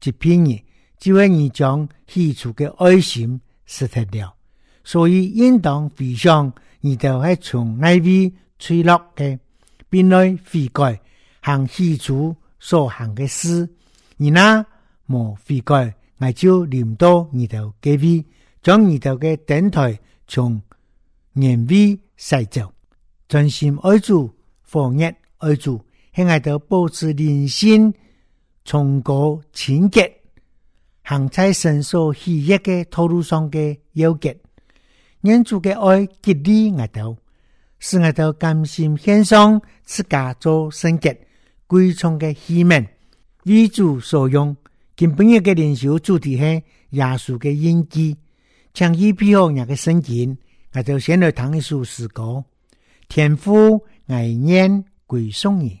即便你只為你將師祖嘅愛心失得了，所以應當回想，你頭係從愛邊墜落嘅，並來悔改行師祖所行嘅事；你呢莫悔改，我就念到你頭嘅位，將你頭嘅燈台從眼邊洗走，尊心愛主，放一愛主，喺愛度保持靈心。從果情結，行在神所喜悅嘅道路上嘅要結，人主嘅愛激勵我頭，使我頭甘心獻上自家做聖潔、貴重嘅生命，為主所用。今半友嘅靈修主題係耶穌嘅印記，彰顯彼後人嘅聖潔。我頭先來談一首詩歌：天父愛念歸頌你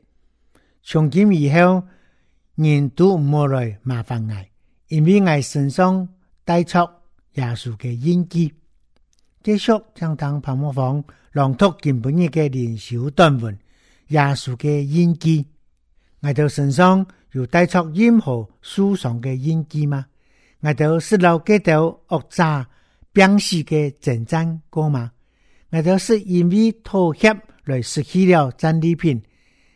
從今以後，人都唔會來麻煩我，因為我身上帶出耶穌嘅印記。繼續將當泡沫房朗讀前半日的連續短文，耶穌嘅印記。我到身上有帶出任何損傷嘅印記嗎？我到是漏幾多惡渣兵士嘅戰爭歌嗎？我到是因為妥協來失去了戰利品？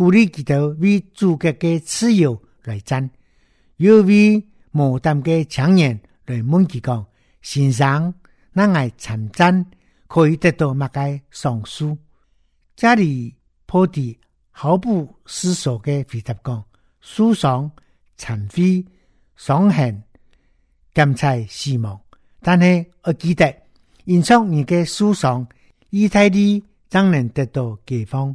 鼓勵其他為祖國嘅自由于的來戰，要為無膽嘅青年嚟問佢講。先生，我愛參戰可以得到乜嘅賞賜？加里波第毫不思索嘅回答講：舒爽、殘廢、傷痕、今次希望。但係我記得，因從而嘅書上意大利將能得到解放。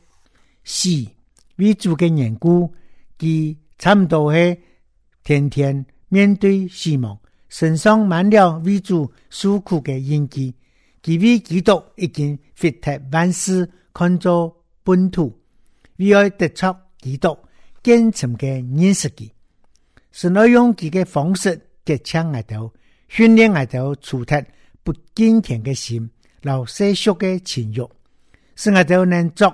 是為主嘅緣故，佢差唔多係天天面對死亡，身上滿了為主受苦嘅印記。佢為基督已經撇脫萬事，看作糞土，為要得着基督，堅誠嘅認識佢，是攞用佢嘅方式，跌槍外頭訓練外頭鑄鐵不堅強嘅心，留鮮血嘅情欲，使挨刀能做。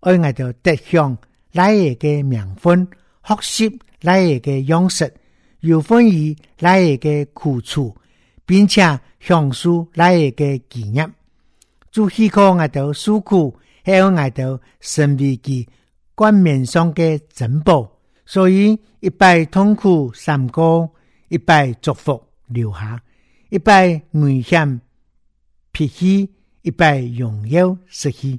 我愛到德行，來日嘅名分；學習來日嘅養識，又歡喜來日嘅苦處，並且享受來日嘅紀念。做乞丐到受苦，還有愛到身邊嘅官面上嘅珍寶。所以，一拜痛苦閃過，一拜祝福留下，一拜夢想撇去，一拜榮耀失去。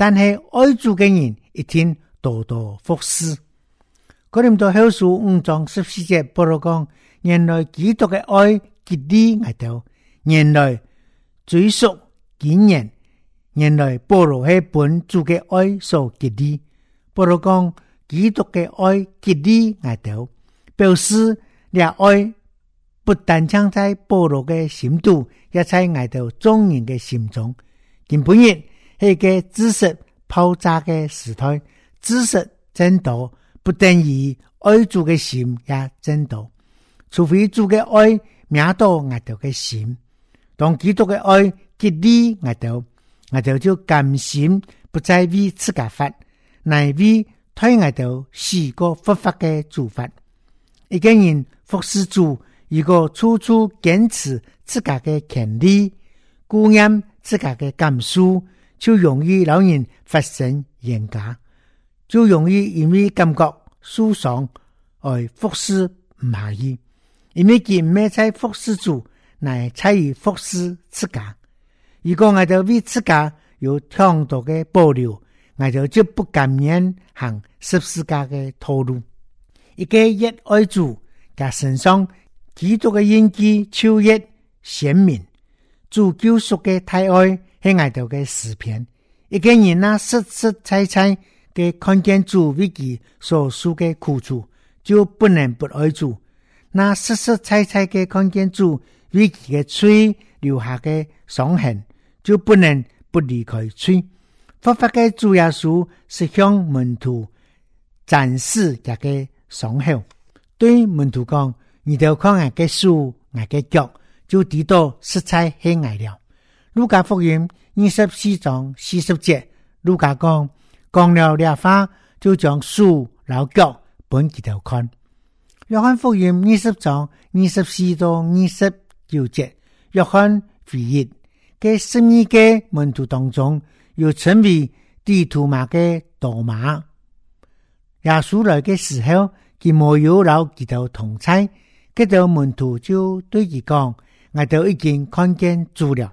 但係愛主嘅人，一定多多服侍。哥林多後書五章十四節，保羅講：原來基督嘅愛結啲外頭，原來追溯幾年，原來保羅喺本做嘅愛所結啲。保羅講基督嘅愛結啲外頭，表示呢個愛不但只在保羅嘅心度，亦在外頭眾人嘅心中。見本頁。迄個知識爆炸嘅時代，知識增多，不等於愛主嘅心也增多。除非主嘅愛，命到額頭嘅心。當基督嘅愛激勵額頭，額頭就,是、就甘心不再為自己發，乃為推額頭四個佛法嘅做法。一個人服侍主，如果處處堅持自家嘅權利，顧念自家嘅感受。就容易讓人發生厭倦，就容易因為感覺舒爽而忽視唔下意，因為見咩在服侍主，乃參與服侍自家。如果我哋為自家有強大嘅保留，我就就不敢免行十字架嘅套路。一個熱愛主，加欣賞，幾多嘅演技超越顯明，主救贖嘅太愛。喺外頭嘅視頻一個人那實實在在嘅看見主為己所受嘅苦楚，就不能不愛主；那實實在在嘅看見主為己嘅罪留下嘅傷痕，就不能不離開罪。復活嘅主耶穌，是向門徒展示一個傷口，對門徒講：，你哋看我嘅手，我嘅腳，就知道實在係我了。路加福音二十四章四十節，路加講講了兩番，就將書老腳本幾條看。約翰福音二十章二十四到二十九節，約翰回憶：，佢十二個門徒當中，有成為地圖馬的多馬。耶穌來的時候，佢冇有撈幾條同餐，嗰條門徒就對伊講：，我都已經看見主了。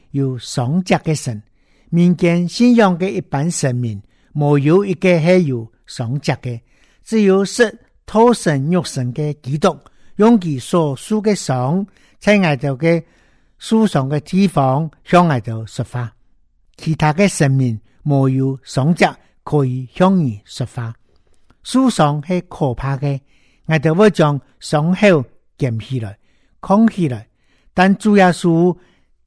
有上家嘅神，民間信仰嘅一般神明，冇有一個係有上家嘅，只有是托神、肉神嘅基督，用其所屬嘅上，在挨到嘅屬上嘅地方向挨到說法。其他嘅神明冇有上家，可以向伊說法。屬上係可怕嘅，挨到要將上後撿起來，空起來，但主要屬。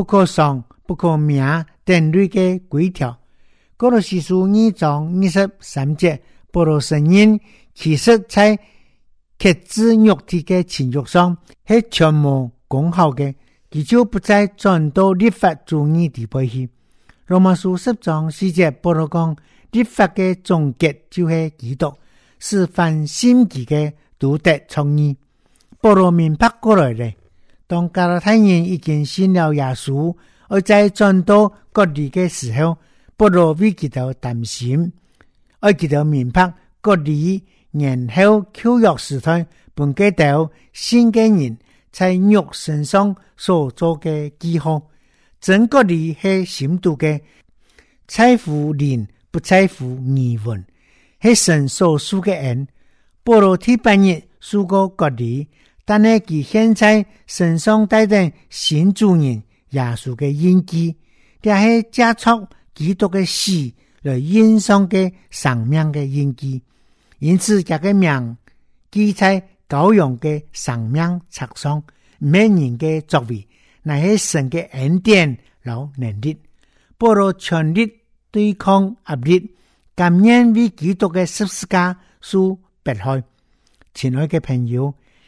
不可傷，不可名，等類的規條。《歌羅西書》二章二十三節，保羅申言，其實，在克制肉體嘅情欲上，係全無功效嘅，佢就不再轉到律法主義地步去。《羅馬書》十章四節，保羅講，律法嘅總結就係基督，是凡心志嘅獨特創意。保羅明白過來咧。當加拉太人已經信了耶穌，而在轉到各地的時候，保羅未見到擔心，而見到明白各地年口虛弱時代，本基督新嘅人，在肉身上所做的記號，整個地係深度的在乎靈，不在乎耳聞，係神所屬的人，保羅天平日屬過各地。各但係佢現在身上帶定新主人耶穌嘅印記，定係借著基督嘅死來印上嘅生命嘅印記，因此個個名記載羔羊嘅生命冊上，每人嘅作為，乃係神嘅恩典有能力，保羅全力對抗壓力，感因為基督嘅十字架所避開親愛嘅朋友。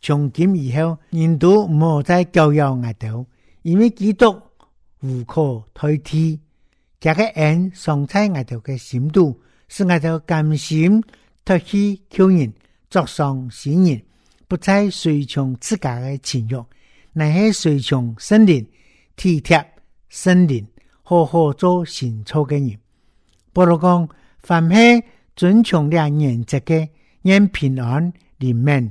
從今以後，人都唔好再教養外頭，因為基督無可代替。加個眼上菜外頭嘅深度，是外頭甘心脫棄舊人，作上新人，不再隨從自家嘅情欲，乃係隨從神靈，體貼神靈，好好做善錯嘅人。保羅講：凡係遵從啲原則嘅，願平安憐憫。